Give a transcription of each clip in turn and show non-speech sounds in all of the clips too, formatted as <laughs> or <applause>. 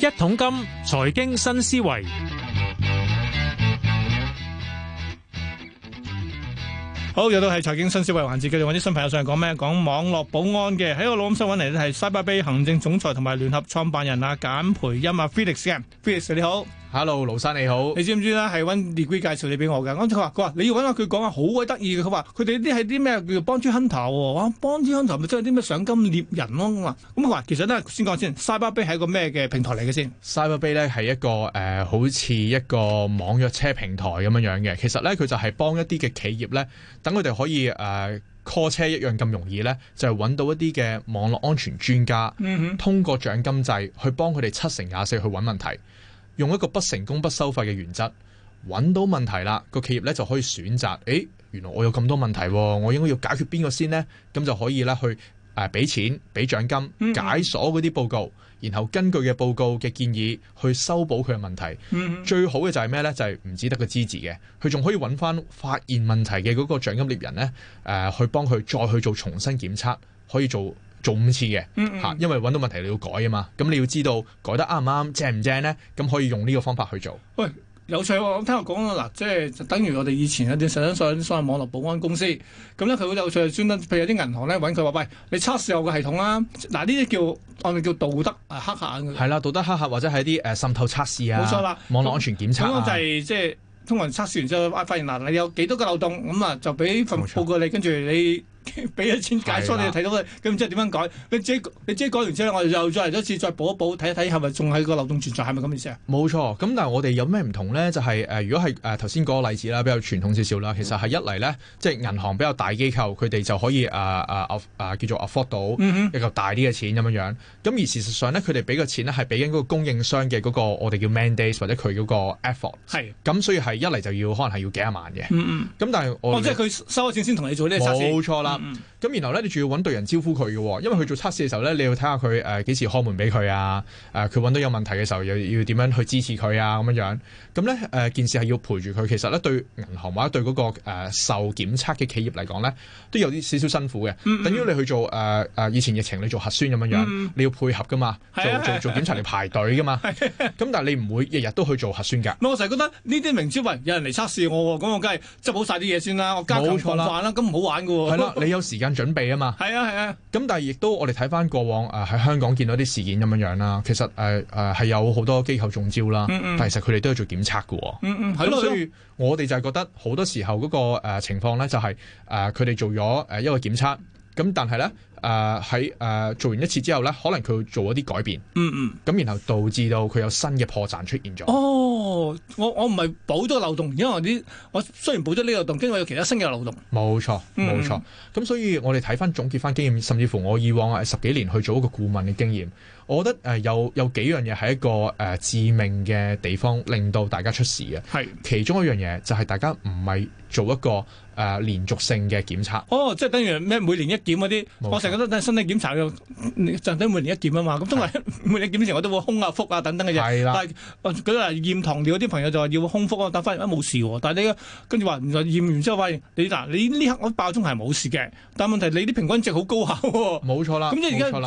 一桶金財經新思維，好，又到係財經新思維環節，我哋揾啲新朋友上嚟講咩？講網絡保安嘅，喺我錄音室揾嚟咧，係 CyberBay 行政總裁同埋聯合創辦人阿簡培欽。啊，Felix，Felix 你好。Hello 盧生你好。你知唔知咧？係 One Degree 介紹你俾我嘅。啱先佢話，佢話你要搵下佢講啊，好鬼得意嘅。佢話佢哋啲係啲咩叫做 bounty hunter 喎，我 bounty hunter 就係啲咩賞金獵人咯，啊。我話咁，我話其實咧，先講先，CyberBay 係一個咩嘅平台嚟嘅先。CyberBay 咧係一個誒、呃，好似一個網約車平台咁樣樣嘅。其實咧，佢就係幫一啲嘅企業咧，等佢哋可以誒、呃、call 車一樣咁容易咧，就係、是、搵到一啲嘅網絡安全專家，通過獎金制去幫佢哋七成廿四去搵問題。用一個不成功不收費嘅原則，揾到問題啦，個企業咧就可以選擇，誒，原來我有咁多問題，我應該要解決邊個先呢？咁就可以咧去誒俾錢俾獎金解鎖嗰啲報告，然後根據嘅報告嘅建議去修補佢嘅問題。最好嘅就係咩呢？就係唔止得個資治嘅，佢仲可以揾翻發現問題嘅嗰個獎金獵人呢，誒、呃、去幫佢再去做重新檢測，可以做。做五次嘅，吓、嗯嗯，因為揾到問題你要改啊嘛，咁你要知道改得啱唔啱正唔正咧，咁可以用呢個方法去做。喂，有趣喎、哦，我聽我講啦，嗱，即係等於我哋以前有啲上上所謂網絡保安公司，咁咧佢好有趣，專登譬如有啲銀行咧揾佢話喂，你測試我個系統啦、啊，嗱呢啲叫我哋叫道德、啊、黑客係啦，道德黑客或者係啲誒滲透測試啊，冇錯啦，網絡安全檢查、啊、就係、是、即係通常測試完之後發現嗱，你有幾多個漏洞，咁啊就俾份報告你，跟住你。俾咗 <laughs> 錢解鎖你睇到佢咁即係點樣改？你自己你即係改完之後，我哋又再嚟多次再補一補，睇一睇係咪仲係個漏洞存在，係咪咁意思啊？冇錯。咁但係我哋有咩唔同咧？就係、是、誒、呃，如果係誒頭先嗰個例子啦，比較傳統少少啦。其實係一嚟咧，即係銀行比較大機構，佢哋就可以誒誒、啊啊啊、叫做 afford 到一個大啲嘅錢咁樣、嗯嗯、樣。咁而事實上咧，佢哋俾個錢咧係俾緊嗰個供應商嘅嗰、那個我哋叫 mandates 或者佢嗰個 effort 係的。咁所以係一嚟就要可能係要幾廿萬嘅。嗯咁但係我哦，即係佢收咗錢先同你做呢？冇錯啦。咁，然後咧，你仲要揾對人招呼佢嘅，因為佢做測試嘅時候咧，你要睇下佢誒幾時開門俾佢啊，誒，佢揾到有問題嘅時候，又要點樣去支持佢啊，咁樣樣，咁咧誒件事係要陪住佢。其實咧，對銀行或者對嗰個受檢測嘅企業嚟講咧，都有啲少少辛苦嘅。等於你去做誒誒以前疫情你做核酸咁樣樣，你要配合㗎嘛，做做做檢查嚟排隊㗎嘛。咁但係你唔會日日都去做核酸㗎。我成日覺得呢啲明知有人嚟測試我，咁我梗係執好晒啲嘢先啦，我加強防範啦。咁唔好玩㗎喎。你有時間準備啊嘛，係啊係啊，咁、啊、但係亦都我哋睇翻過往誒喺、呃、香港見到啲事件咁樣樣啦，其實誒誒係有好多機構中招啦，嗯嗯但係其實佢哋都有做檢測嘅喎、喔，咁、嗯嗯、所以我哋就係覺得好多時候嗰、那個、呃、情況咧就係誒佢哋做咗誒一個檢測，咁但係咧，誒喺誒做完一次之後咧，可能佢會做一啲改變，嗯嗯，咁然後導致到佢有新嘅破綻出現咗。哦，我我唔係補咗漏洞，因為啲我，我雖然補咗呢個漏洞，因為有其他新嘅漏洞。冇錯，冇錯。咁、嗯、所以我哋睇翻總結翻經驗，甚至乎我以往十幾年去做一個顧問嘅經驗，我覺得誒有有幾樣嘢係一個誒、呃、致命嘅地方，令到大家出事嘅。係是其中一樣嘢就係大家唔係做一個誒、呃、連續性嘅檢查。哦，即係等於咩？每年一檢嗰啲，覺得身體檢查又，你等每年一檢啊嘛，咁通常每年檢查我都會空啊、腹啊等等嘅嘢。係啦的，但係我嗰驗糖尿，啲朋友就話要空腹啊，但發現啊冇事喎。但係你跟住話，原來驗完之後發現你嗱，你呢刻我爆中，係冇事嘅，但問題你啲平均值好高下喎。冇錯啦。咁即而家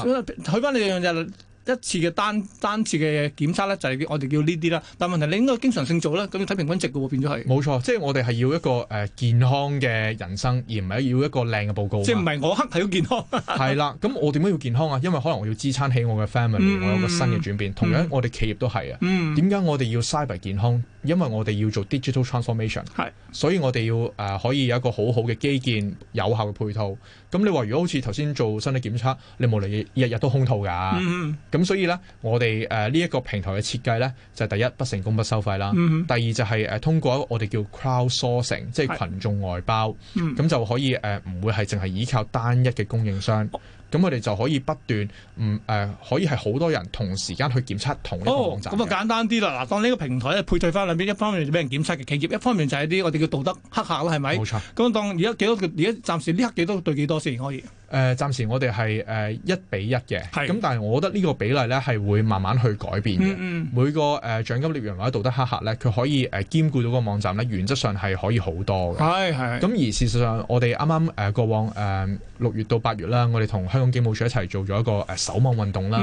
佢翻你樣就。一次嘅單單次嘅檢測咧，就係、是、我哋叫呢啲啦。但問題，你應該經常性做啦。咁要睇平均值嘅喎，變咗係。冇錯，即係我哋係要一個誒、呃、健康嘅人生，而唔係要一個靚嘅報告。即係唔係我黑睇 <laughs> 要健康？係啦，咁我點解要健康啊？因為可能我要支撐起我嘅 family，我有個新嘅轉變。嗯、同樣，嗯、我哋企業都係啊。點解、嗯、我哋要 cyber 健康？因為我哋要做 digital transformation，係是，所以我哋要誒、呃、可以有一個好好嘅基建、有效嘅配套。咁你話如果好似頭先做身體檢測，你無理由日日都空套㗎。咁、嗯、所以呢，我哋誒呢一個平台嘅設計呢，就係、是、第一不成功不收費啦。嗯、哼第二就係、是、誒、呃、通過一個我哋叫 crowd sourcing，即係群眾外包，咁是、嗯、就可以誒唔、呃、會係淨係依靠單一嘅供應商。哦。咁我哋就可以不斷唔誒、呃，可以係好多人同時間去檢測同一個網站。哦，咁啊簡單啲啦，嗱，當呢個平台咧，配對翻兩邊，一方面就俾人檢測嘅企業，一方面就係啲我哋叫道德黑客啦，係咪？冇錯。咁當而家幾多？而家暫時呢刻幾多對幾多先可以？誒暫時我哋係誒一比一嘅，咁但係我覺得呢個比例咧係會慢慢去改變嘅。每個誒獎金獵人或者道德黑客咧，佢可以誒兼顧到個網站咧，原則上係可以好多嘅。係係。咁而事實上，我哋啱啱誒過往誒六月到八月啦，我哋同香港警務處一齊做咗一個誒守網運動啦。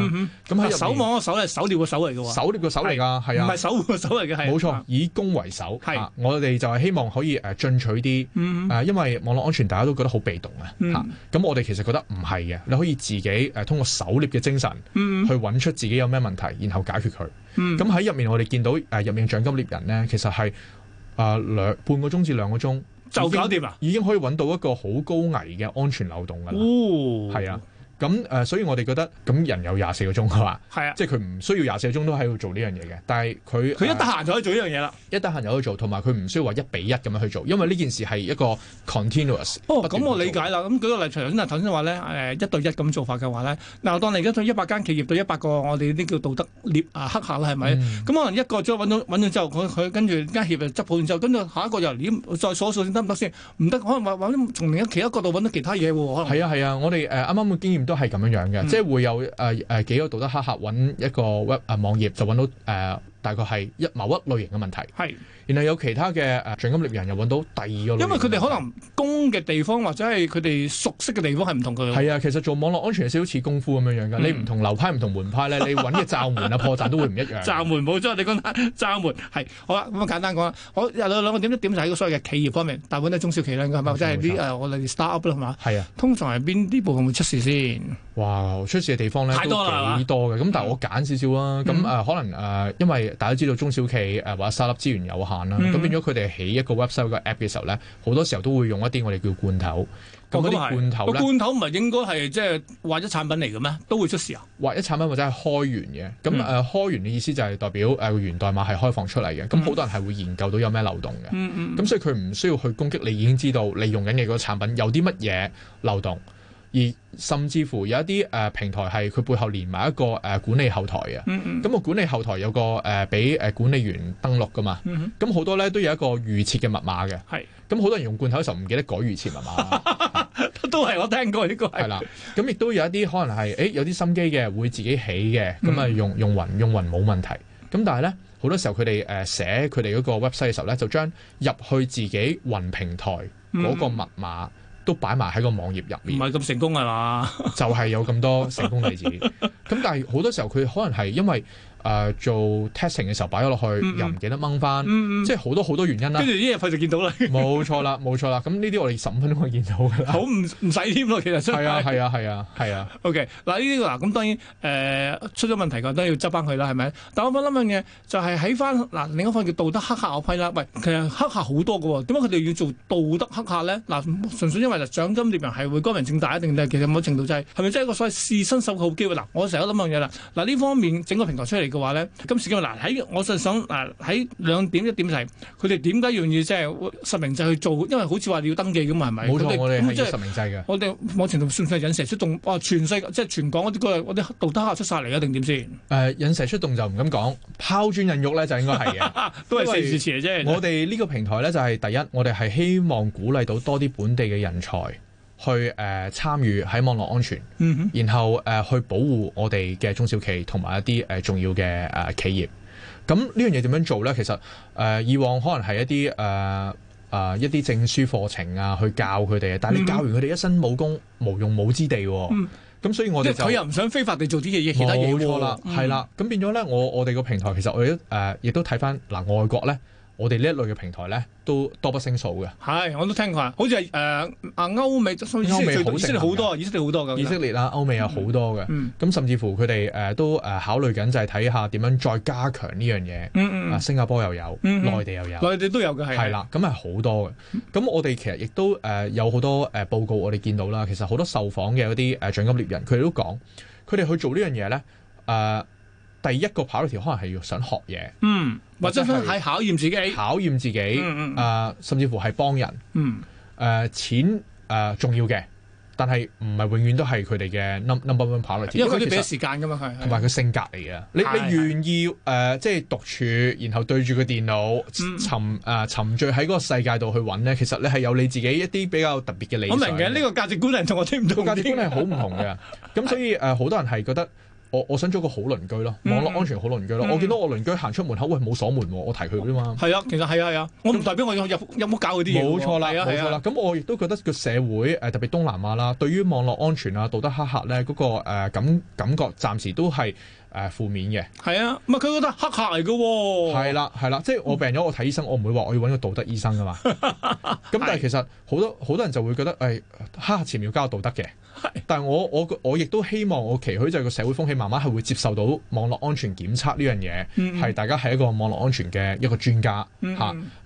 咁喺守網個守咧，狩獵個守嚟嘅喎，狩獵個守嚟㗎，係啊，唔係守個守嚟嘅，係冇錯，以攻為守。係我哋就係希望可以誒進取啲，誒因為網絡安全大家都覺得好被動啊。嚇，咁我哋其實。就覺得唔係嘅，你可以自己誒、呃、通過狩獵嘅精神、嗯、去揾出自己有咩問題，然後解決佢。咁喺入面我哋見到誒入、呃、面嘅獎金獵人呢，其實係誒兩半個鐘至兩個鐘就搞掂啦，已經可以揾到一個好高危嘅安全漏洞噶啦。係、哦、啊。咁誒，所以我哋覺得咁人有廿四個鐘係嘛？係啊，即係佢唔需要廿四個鐘都喺度做呢樣嘢嘅。但係佢佢一得閒就可以做呢樣嘢啦。一得閒就可以做，同埋佢唔需要話一比一咁樣去做，因為呢件事係一個 continuous。哦，咁我理解啦。咁舉個例，頭先啊，頭先話咧一對一咁做法嘅話咧，嗱，當你而家對一百間企業，對一百個我哋呢啲叫道德黑客啦，係咪？咁可能一個再揾到揾到之後，佢跟住間協啊執好之後，跟住下一個又再數數先得唔得先？唔得，可能揾揾從另一其他角度揾到其他嘢喎。係啊，我哋啱啱冇經都係咁樣樣嘅，嗯、即係會有誒誒、呃、幾個道德黑客揾一個 web 誒、啊、網頁，就揾到誒。大概係一某一類型嘅問題，係，然後有其他嘅誒賞金獵人又揾到第二個，因為佢哋可能工嘅地方或者係佢哋熟悉嘅地方係唔同嘅。係啊，其實做網絡安全係好似功夫咁樣樣㗎，你唔同流派唔同門派咧，你揾嘅罩門啊，破綻都會唔一樣。罩門冇錯，你講罩門係好啦，咁簡單講啦，我兩兩個點都點曬個所謂嘅企業方面，大部分都係中小企啦，係嘛，或者係啲誒我例如 start up 啦，係嘛，係啊，通常係邊啲部分會出事先？哇，出事嘅地方咧都幾多嘅，咁但係我揀少少啦。咁誒可能誒因為。大家都知道中小企誒或者 Startup 資源有限啦，咁、嗯嗯、變咗佢哋起一個 website 個 app 嘅時候咧，好多時候都會用一啲我哋叫罐頭。咁嗰啲罐頭咧，哦、罐頭唔係應該係即係或者產品嚟嘅咩？都會出事啊？或者產品或者係開源嘅，咁誒、嗯、開源嘅意思就係代表誒源、呃、代碼係開放出嚟嘅，咁好多人係會研究到有咩漏洞嘅。咁、嗯嗯、所以佢唔需要去攻擊你，已經知道你用緊嘅嗰個產品有啲乜嘢漏洞。而甚至乎有一啲誒、呃、平台係佢背後連埋一個誒、呃、管理後台嘅，咁個、嗯嗯啊、管理後台有個誒俾誒管理員登錄噶嘛，咁好、嗯嗯嗯、多咧都有一個預設嘅密碼嘅，係是，咁好、嗯、多人用罐頭嘅時候唔記得改預設密碼， <laughs> 啊、都係我聽過呢、這個係、嗯、啦，咁、嗯、亦、嗯、都有一啲可能係誒、欸、有啲心機嘅會自己起嘅，咁啊用用雲用雲冇問題，咁但係咧好多時候佢哋誒寫佢哋嗰個 website 嘅時候咧就將入去自己雲平台嗰個，個密碼。嗯都擺埋喺個網頁入面，唔係咁成功係嘛？ <laughs> 就係有咁多成功例子，咁但係好多時候佢可能係因為。誒、呃、做 testing 嘅時候擺咗落去，嗯、又唔記得掹翻，嗯嗯、即係好多好多原因啦。跟住一入去就見到啦。冇錯啦，冇錯啦。咁呢啲我哋十五分鐘可以見到嘅啦。好，唔唔使添咯，其實真係啊，係啊，係啊，係啊。OK，嗱呢、這個嗱咁當然誒、呃、出咗問題嘅都要執翻佢啦，係咪？但我諗諗嘅就係喺翻嗱另一方叫道德黑客嗰批啦。喂，其實黑客好多嘅喎，點解佢哋要做道德黑客咧？嗱，純粹因為就獎金獵人係會光明正大一定定，其實某程度就係係咪真係一個所謂試身手好機會嗱？我成日都諗樣嘢啦，嗱呢方面整個平台出嚟。嘅話咧，今時今日嗱喺，我就想嗱喺兩點一點就係佢哋點解願意即係、就是、實名制去做？因為好似話你要登記咁啊，係咪？冇錯，們們我哋係實名制嘅、就是。我哋某程度算唔算係引蛇出洞？哇！全世即係全港嗰啲佢，啲道德黑客出晒嚟啊！定點先？誒、呃，引蛇出洞就唔敢講，拋磚引玉咧就應該係嘅， <laughs> 都係四字詞嚟啫。我哋呢個平台咧就係、是、第一，我哋係希望鼓勵到多啲本地嘅人才。去誒、呃、參與喺網絡安全，嗯、哼然後誒、呃、去保護我哋嘅中小企同埋一啲誒、呃、重要嘅誒、呃、企業。咁、嗯、呢樣嘢點樣做咧？其實誒、呃、以往可能係一啲誒誒一啲證書課程啊，去教佢哋。但係你教完佢哋一身武功，無用武之地喎、啊。咁、嗯哼嗯、所以我哋係佢又唔想非法地做啲嘢嘢，其他嘢冇錯啦，係、嗯、啦。咁變咗咧，我我哋個平台其實我哋誒亦都睇返嗱外國咧。嗯嗯嗯我哋呢一類嘅平台咧，都多不勝數嘅。係，我都聽過，好似係誒阿歐美好多，以色列好多嘅。以色列啦，歐美有好多嘅。咁、嗯嗯、甚至乎佢哋誒都誒考慮緊，就係睇下點樣再加強呢樣嘢。啊、嗯嗯，嗯嗯新加坡又有，內地又有，內地都有嘅係。係啦、嗯，咁係好多嘅。咁、嗯、我哋其實亦都誒有好多誒報告，我哋見到啦。其實好多受訪嘅嗰啲誒獎金獵人，佢哋都講，佢哋去做呢樣嘢咧，誒、呃。第一個 priority 可能係要想學嘢，嗯，或者係考驗自己，考驗自己，嗯，甚至乎係幫人，嗯，誒，錢誒重要嘅，但係唔係永遠都係佢哋嘅 number number one priority。因為佢哋俾時間噶嘛，佢同埋佢性格嚟嘅。你你願意誒，即係獨處，然後對住個電腦沉誒沉醉喺嗰個世界度去搵咧，其實你係有你自己一啲比較特別嘅理想。我明嘅，呢個價值觀係同我聽唔同，價值觀係好唔同嘅。咁所以誒，好多人係覺得。我我想做一個好鄰居咯，嗯、網絡安全好鄰居咯。嗯、我見到我鄰居行出門口，喂冇鎖門、啊，我提佢啫嘛。係啊，其實係啊係啊，我唔代表我有入冇教佢啲嘢。冇錯、啊、啦，冇錯、啊啊、啦。咁我亦都覺得個社會誒、呃，特別東南亞啦，對於網絡安全啊、道德黑客咧嗰、那個誒、呃、感感覺，暫時都係。誒、啊、負面嘅係啊，唔係佢覺得黑客嚟嘅喎。係啦、啊，係啦、啊，即係我病咗，我睇醫生，我唔會話我要揾個道德醫生噶嘛。咁 <laughs> 但係其實好多好是多人就會覺得誒黑客前面要加道德嘅。是但係我我我亦都希望我期許就係個社會風氣慢慢係會接受到網絡安全檢測呢樣嘢，係、嗯嗯、大家係一個網絡安全嘅一個專家嚇。誒呢、嗯嗯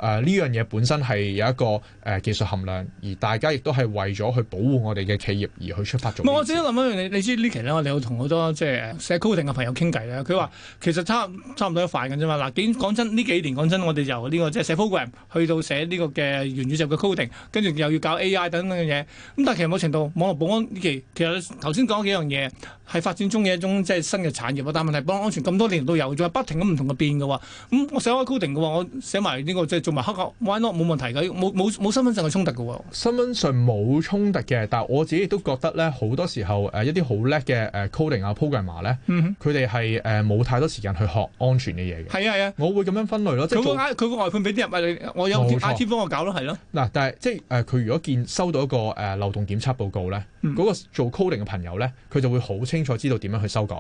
啊、樣嘢本身係有一個誒技術含量，而大家亦都係為咗去保護我哋嘅企業而去出發做。我記得諗一諗，你你知呢期咧，我哋有同好多即係社交定嘅朋友。傾偈咧，佢話其實差差唔多一塊嘅啫嘛。嗱，講真呢幾年，講真，我哋由呢個即係寫 program 去到寫呢個嘅元宇宙嘅 coding，跟住又要搞 AI 等等嘅嘢。咁但係其實某程度網絡保安呢期，其實頭先講幾樣嘢係發展中嘅一種即係新嘅產業。但係問題保安，安全咁多年都有，咗，不停咁唔同嘅變嘅喎。咁我寫開 coding 嘅喎，我寫埋呢、呢個即係做埋黑客 why not 冇問題嘅，冇冇冇身份證嘅衝突嘅喎。身份上冇衝突嘅，但係我自己亦都覺得咧，好多時候誒一啲好叻嘅誒 coding 啊 programmer 啊咧、嗯，佢哋。係誒，冇太多時間去學安全嘅嘢嘅。係啊係啊，我會咁樣分類咯。佢個佢個外判俾啲人，我有 IT 幫我搞咯，係咯、啊。嗱，但係即係誒，佢、呃、如果見收到一個誒、呃、漏洞檢測報告咧。嗰個做 coding 嘅朋友咧，佢就會好清楚知道點樣去修改。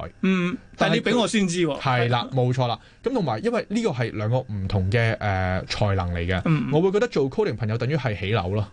但係你俾我先知喎。係啦，冇錯啦。咁同埋，因為呢個係兩個唔同嘅誒才能嚟嘅。我會覺得做 coding 朋友等於係起樓咯。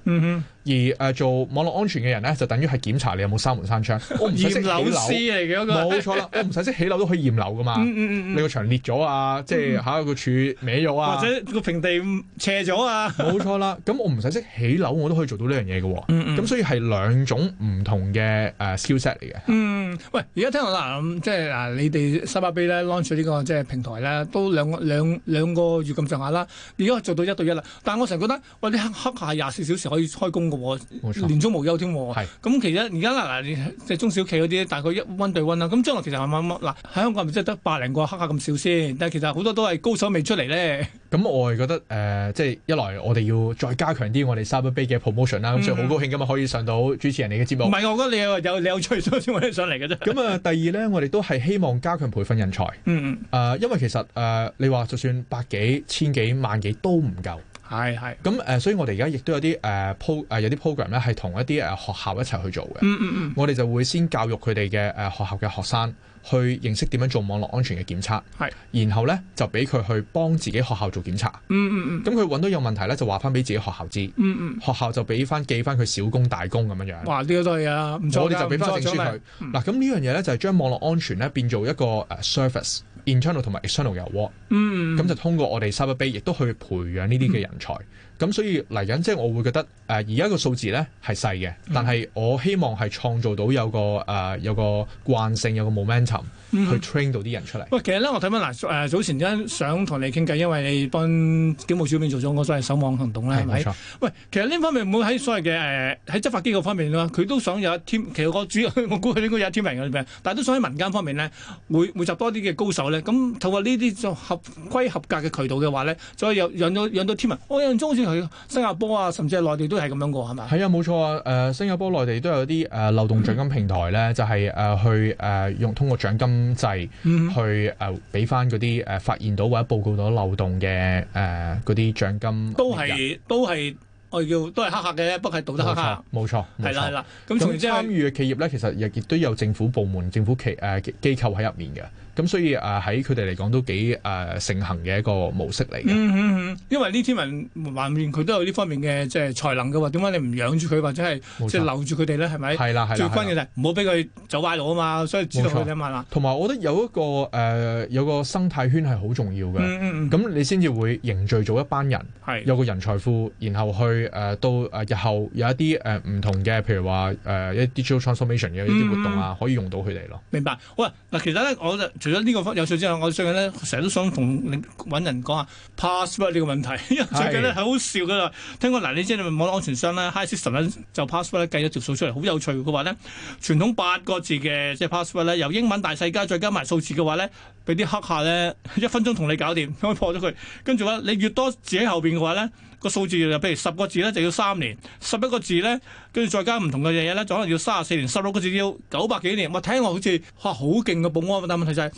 而誒做網絡安全嘅人咧，就等於係檢查你有冇閂門閂窗。我唔使識起樓。驗樓師嚟嘅，冇錯啦，我唔使識起樓都可以驗樓㗎嘛。你個牆裂咗啊？即係下一個柱歪咗啊？或者個平地斜咗啊？冇錯啦。咁我唔使識起樓，我都可以做到呢樣嘢㗎喎。嗯，咁所以係兩種唔唔同嘅誒消息嚟嘅。嗯，喂，而家聽落、就是、啦，即係嗱，你哋 CyberBay 咧 launch 咗呢個即係平台咧，都兩個兩兩個月咁上下啦。而家做到一對一啦。但係我成日覺得，喂，啲黑客係廿四小時可以開工嘅喎，錯年終無休添。係是。咁、嗯、其實而家嗱嗱，即係、就是、中小企嗰啲，大概一揾對揾啦。咁將來其實慢慢慢，嗱，喺香港係咪真係得百零個黑客咁少先？但係其實好多都係高手未出嚟咧。咁、嗯、我係覺得誒、呃，即係一來我哋要再加強啲我哋 CyberBay 嘅 promotion 啦。咁所以好高興咁啊，可以上到主持人你嘅節目。嗯嗯。唔係，我覺得你有有你有趣，所以先揾你上嚟嘅啫。咁啊，第二咧，我哋都係希望加強培訓人才。嗯嗯。誒，因為其實誒、呃，你話就算百幾、千幾、萬幾都唔夠。係係咁誒，所以我哋而家亦都有啲誒 pro 誒有啲 program 咧，係同一啲誒學校一齊去做嘅。嗯。嗯嗯嗯，我哋就會先教育佢哋嘅誒學校嘅學生去認識點樣做網絡安全嘅檢測，係的，然後咧就俾佢去幫自己學校做檢查。嗯嗯嗯，咁佢揾到有問題咧，就話翻俾自己學校知。嗯。嗯嗯，學校就俾翻寄翻佢小工大工咁樣樣。哇，呢個都係啊，我哋就俾翻證書佢。嗱，咁呢樣嘢咧就係將網絡安全咧變做一個誒 service。Internal 同埋 external 嘅 reward，咁、hmm. 就通過我哋 CyberBay 亦都去培養呢啲嘅人才。咁、mm hmm. 所以嚟緊即係我會覺得誒而家個數字咧係細嘅，但係我希望係創造到有個誒、呃、有個慣性，有個 momentum。去 train 到啲人出嚟、嗯。喂，其實咧，我睇翻嗱誒，早前真想同你傾偈，因為你幫警務小組做咗嗰所謂守望行動咧，係咪的？是喂，其實呢方面唔會喺所謂嘅誒，喺、呃、執法機構方面啦，佢都想有一 team。其實我主要我估佢應該有一 team 人嘅水平，但係都想喺民間方面咧，匯匯集多啲嘅高手咧。咁透過呢啲就合規合格嘅渠道嘅話咧，可以有引到引到 team 人。我印象中好似去新加坡啊，甚至係內地都係咁樣過，係咪？係啊，冇錯啊。誒、呃，新加坡內地都有啲誒、呃、漏洞獎金平台咧，就係誒去誒用通過獎金。機制、嗯、去誒，俾翻嗰啲誒發現到或者報告到漏洞嘅，誒，嗰啲獎金都係都係我叫都係黑客嘅，不過係道德黑客。冇錯，係啦係啦。咁從，參與嘅企業咧，其實亦亦都有政府部門、政府企誒機構喺入面嘅。咁所以誒喺佢哋嚟講都幾誒盛行嘅一個模式嚟嘅。因為呢啲人橫面佢都有呢方面嘅即係才能嘅喎，點解你唔養住佢或者係即係留住佢哋咧？係咪？係啦，係啦。最關鍵就係唔好俾佢走歪路啊嘛，所以指導佢哋啊嘛。同埋我覺得有一個誒有個生態圈係好重要嘅。咁你先至會凝聚咗一班人，有個人才庫，然後去誒到誒日後有一啲誒唔同嘅，譬如話誒一 digital transformation 嘅一啲活動啊，可以用到佢哋咯。明白。喂，嗱，其實咧我覺得。除咗呢個有趣之後，我最近咧成日都想同揾人講下 password 呢個問題，因為最近咧係好笑噶啦。的聽過嗱，你知你網絡安全商咧，high system 咧就 password 咧計咗條數出嚟，好有趣。佢話咧，傳統八個字嘅即係、就是、password 咧，由英文大細階再加埋數字嘅話咧，俾啲黑客咧一分鐘同你搞掂，可以破咗佢。跟住話你越多字喺後邊嘅話咧，個數字就譬如十個字咧就要三年，十一個字咧跟住再加唔同嘅嘢咧，可能要三十四年，十六個字要九百幾年。我聽講好似哇好勁嘅保安，但係問題就係、是。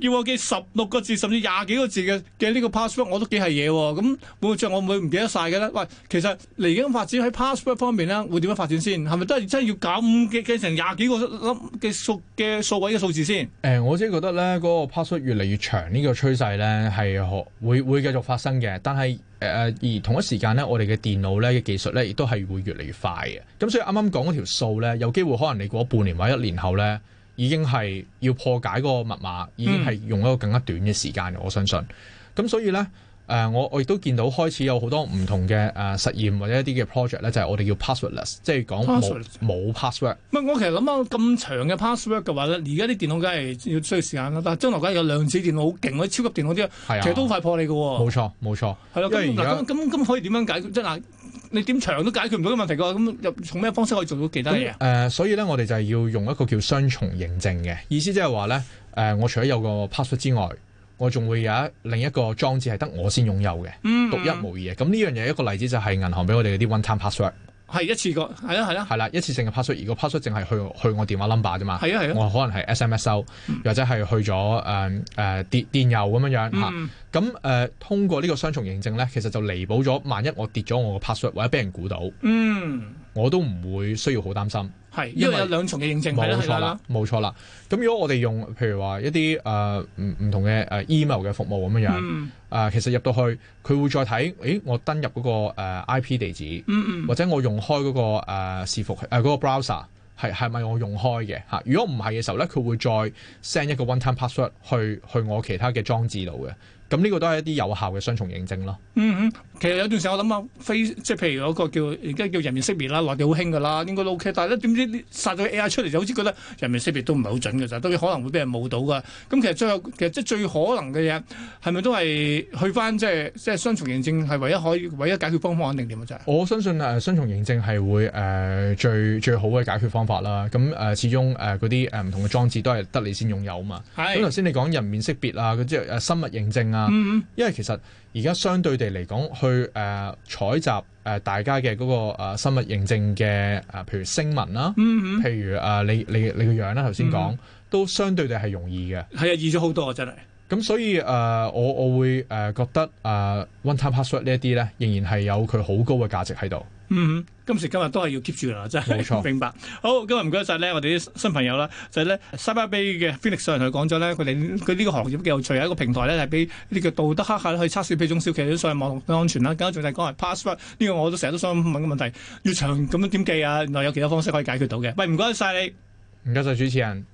叫我 <laughs> 記十六個字甚至廿幾個字嘅嘅呢個 password 我都幾係嘢喎，咁、嗯、會唔會我唔會唔記得晒嘅咧？喂，其實嚟緊發展喺 password 方面咧，會點樣發展先？係咪都係真係要搞嘅嘅成廿幾個嘅數嘅數位嘅數字先？誒、欸，我先覺得咧，嗰、那個 password 越嚟越長，這個，趨勢呢個趨勢咧係會會繼續發生嘅，但係誒、呃、而同一時間咧，我哋嘅電腦咧嘅技術咧亦都係會越嚟越快嘅。咁所以啱啱講嗰條數咧，有機會可能你過半年或一年後咧。已經係要破解嗰個密碼，已經係用一個更加短嘅時間嘅，我相信。咁所以咧，誒、呃，我我亦都見到開始有好多唔同嘅誒、呃、實驗或者一啲嘅 project 咧，就係我哋叫 passwordless，即係講冇 password。唔係、嗯，我其實諗下咁長嘅 password 嘅話咧，而家啲電腦梗係要需要時間啦。但係將來梗係有量子電腦好勁嗰啲超級電腦啲，啊、其實都快破你嘅、哦。冇錯，冇錯。係咯、啊，因為而家咁咁咁可以點樣解決？即係嗱。你點長都解決唔到嘅問題㗎，咁入從咩方式可以做到其他嘢啊、呃？所以咧，我哋就係要用一個叫雙重認證嘅。意思即係話咧，誒、呃，我除咗有個 password 之外，我仲會有一另一個裝置係得我先擁有嘅，嗯嗯獨一無二嘅。咁呢樣嘢一個例子就係銀行俾我哋嗰啲 one-time password。Time 係一次過，係啦係啦，係啦、啊 <noise> 啊，一次性嘅 password，而個 password 淨係去去我電話 number 啫嘛，係啊係啊，啊我可能係 sms 收，或者係去咗誒誒電電郵咁樣樣吓，咁誒、嗯啊、通過呢個雙重認證咧，其實就彌補咗萬一我跌咗我嘅 password 或者俾人估到，嗯，我都唔會需要好擔心。係，是因為因為有兩重嘅認證，冇錯啦，冇的錯啦。咁如果我哋用，譬如話一啲誒唔唔同嘅誒 email 嘅服務咁樣樣，誒、嗯呃、其實入到去，佢會再睇，咦我登入嗰個 IP 地址，嗯、或者我用開嗰、那個誒視服誒嗰個 browser 係係咪我用開嘅？嚇、啊，如果唔係嘅時候咧，佢會再 send 一個 one-time password 去去去我其他嘅裝置度嘅。咁呢個都係一啲有效嘅雙重認證咯。嗯哼，其實有段時間我諗下，非即係譬如嗰個叫而家叫人面識別啦，落地好興㗎啦，應該都 OK。但係咧點知殺咗 AI 出嚟，就好似覺得人面識別都唔係好準㗎咋，都可能會俾人冒到㗎。咁其實最後其實即係最可能嘅嘢係咪都係去翻即係即係雙重認證係唯一可以唯一解決方法，定點㗎啫？我相信啊、呃，雙重認證係會誒、呃、最最好嘅解決方法啦。咁、呃、誒始終誒嗰啲唔同嘅裝置都係得你先擁有啊嘛。咁頭先你講人面識別即啊，嗰啲誒生物認證。啊，因為其實而家相對地嚟講，去誒採、呃、集誒、呃、大家嘅嗰、那個誒、呃、生物認證嘅誒、呃，譬如聲紋啦，嗯、呃、嗯，呃、譬如誒、呃、你你你個樣啦、啊，頭先講都相對地係容易嘅，係啊，易咗好多啊，真係。咁所以誒、呃、我我會誒、呃、覺得誒、呃、One Time Password 呢一啲咧，仍然係有佢好高嘅價值喺度。嗯，今時今日都係要 keep 住㗎啦，真係。冇錯，明白。好，今日唔該晒咧，我哋啲新朋友啦，就係咧，CyberBay 嘅 Fenix 上台講咗咧，佢哋佢啲個行業嘅又除有一個平台咧，係俾呢個道德黑客去測試俾中小企業上網安全啦。咁啊，仲係講 password 呢個我都成日都想問嘅問題，越長咁樣點記啊？原來有其他方式可以解決到嘅。喂，唔該晒你，唔該晒主持人。